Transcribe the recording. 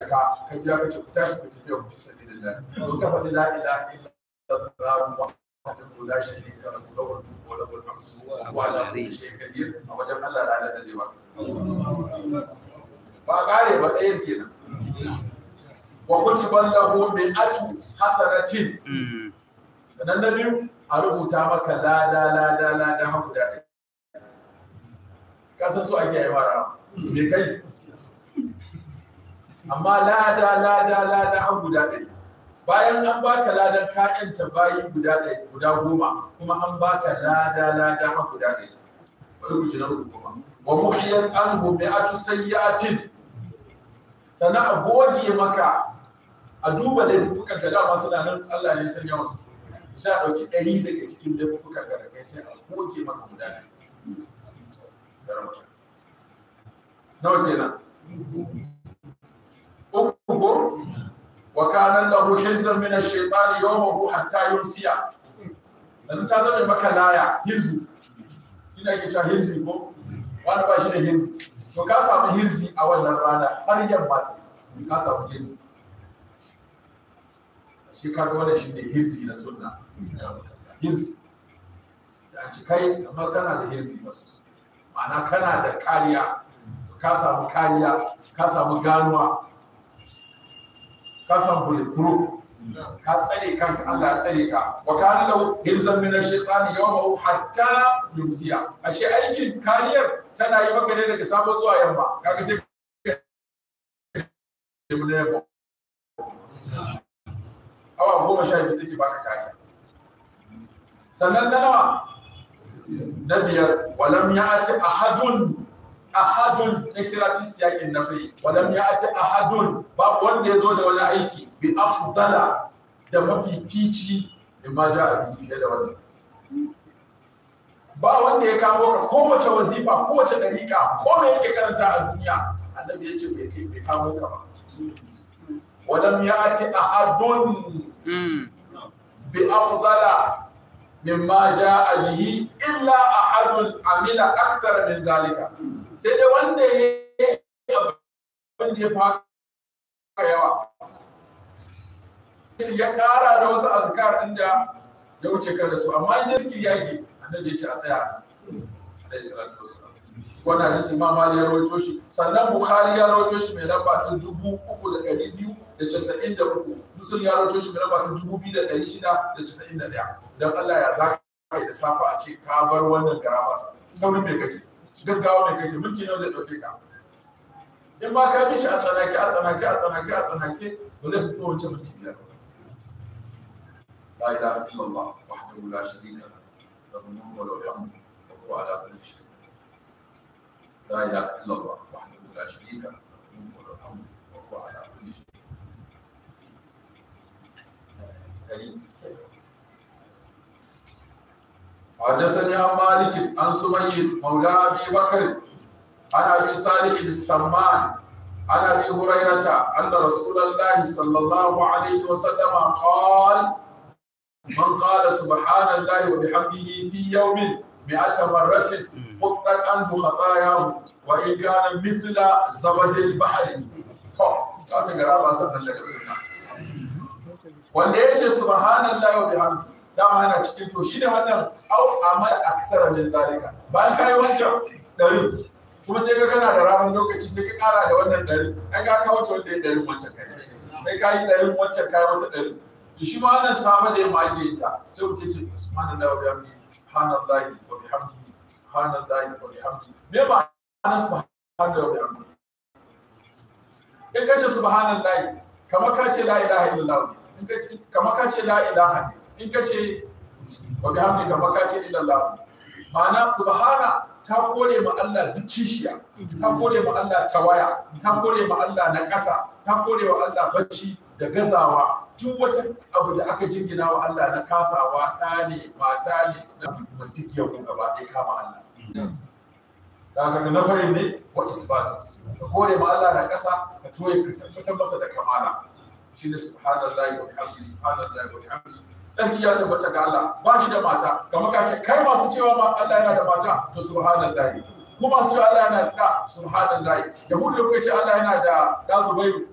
ka ka biya ka ce ku tashi ku tafiya ku fi sabilillah to ka faɗi la ilaha illallah wahdahu la sharika lahu lahul mulku wa lahul hamdu wa ala kulli shay'in qadir a wajen Allah da Allah da zai ba ba kare ba ɗayan kenan wa kutiban lahu mi'atu hasanatin sannan na biyu a rubuta maka lada lada lada har guda ɗaya ka san so ake yi mara me kai amma lada lada lada an guda ɗari bayan an baka ladan ta bayi guda ɗari guda goma kuma an baka lada lada an guda ɗari bari ku ji na uku kuma wa muhiyyan anhu bi'atu sayyi'atin sannan a goge maka a duba laifukan da dama suna nan Allah ne sanya wasu sai a ɗauki ɗari daga cikin laifukan da kai sai a goge maka guda ɗari nawa kenan wa kana lahu hirzan min ash-shaytan yawmahu hatta yumsiya dan ta zame maka laya hirzu kina ke ta hirzi ko wani ba shi da hirzi to ka samu hirzi a wannan rana har yamma ta ka samu hirzi shi ka ga wannan shine hirzi na sunna hirzi da ci kai amma kana da hirzi ba sosai ma'ana kana da kariya ka samu kariya ka samu ganuwa Kasan san kuro. ka tsare kanka Allah ya tsare ka wa kana lau hirzan min ash-shaytan yawma hatta yumsiya ashe aikin kariyar tana yi maka ne daga sabo zuwa yamma kaga sai awa goma sha biyu take baka kariya sannan na nawa na biyar walam ya ci ahadun ahadun na kira fi siyakin fai walam ya ce ahadun ba wanda ya zo da wani aiki bi afdala da mafi fici da ma ja a fiye da wannan ba wanda ya kawo ka kowace wazifa kowace dariƙa ko me yake karanta a duniya annabi ya ce bai kawo ka ba walam ya ce ahadun hmm. bi afdala mimma ja a bihi illa ahadun ahadun amila akthar min zalika sai dai wanda ya wanda ya fa yawa ya kara da wasu azkar inda ya wuce kada su amma in yake yake annabi ya ce a tsaya alaihi salatu ma ya rawaito shi sannan bukhari ya rawaito shi mai lamba ta dubu uku da ɗari biyu da casa'in da uku muslim ya rawaito shi mai lamba ta dubu biyu da ɗari shida da casa'in da ɗaya idan allah ya zaka kai da safa a ce ka bar wannan garaba saurin me kake gaggawa me kake minti ne zai dauke ka in ma ka bi shi a tsanake a tsanake a tsanake a tsanake ba zai fito wancan minti biyar la ilaha illallah wahdahu la sharika lahu wa huwa ala kulli shay'in لا إله إلا حدثني عن مالك عن سمي مولى ابي بكر عن ابي صالح السمان عن ابي هريره ان رسول الله صلى الله عليه وسلم قال من قال سبحان الله وبحمده في يوم مئة مرة قطت عنه خطاياه وإن كان مثل زبد البحر wanda ya ce subhanallah wa bihamdi dama yana cikin to shi ne wannan au amal aksara min zalika bayan yi wancan dari kuma sai ka kana da ranar lokaci sai ka kara da wannan dari ai ka kawo ta wanda ya dari wancan kai sai ka yi dari wancan kai wata dari to shi ma wannan safa da yamma mage ta sai ku ce subhanallahi wa bihamdihi subhanallahi wa bihamdihi subhanallahi wa bihamdihi me ba ana subhanallahi wa bihamdihi in ka ce subhanallahi kamar ka ce la ilaha illallah in ka ce kamar ka ce la ilaha ne in ka ce ba ga hamdika ba ka ce illallah ma'ana subhana ta kore ma Allah duk kishiya ta kore ma Allah tawaya ta kore ma Allah na ƙasa ta kore wa Allah bacci da gazawa duk wata abu da aka jingina wa Allah na kasawa ɗa ne mata ne na duk yau gaba ɗaya kama Allah daga na fari ne wa isbat ka kore ma Allah na ƙasa ka toye ka tabbatar masa da kamala shine subhanallahi wa bihamdihi subhanallahi wa bihamdihi tsarki ya tabbata ga Allah ba shi da mata Ga ka ce kai masu cewa ma Allah yana da mata to subhanallahi kuma su ce Allah yana da subhanallahi yahudu ya ce Allah yana da da zubairu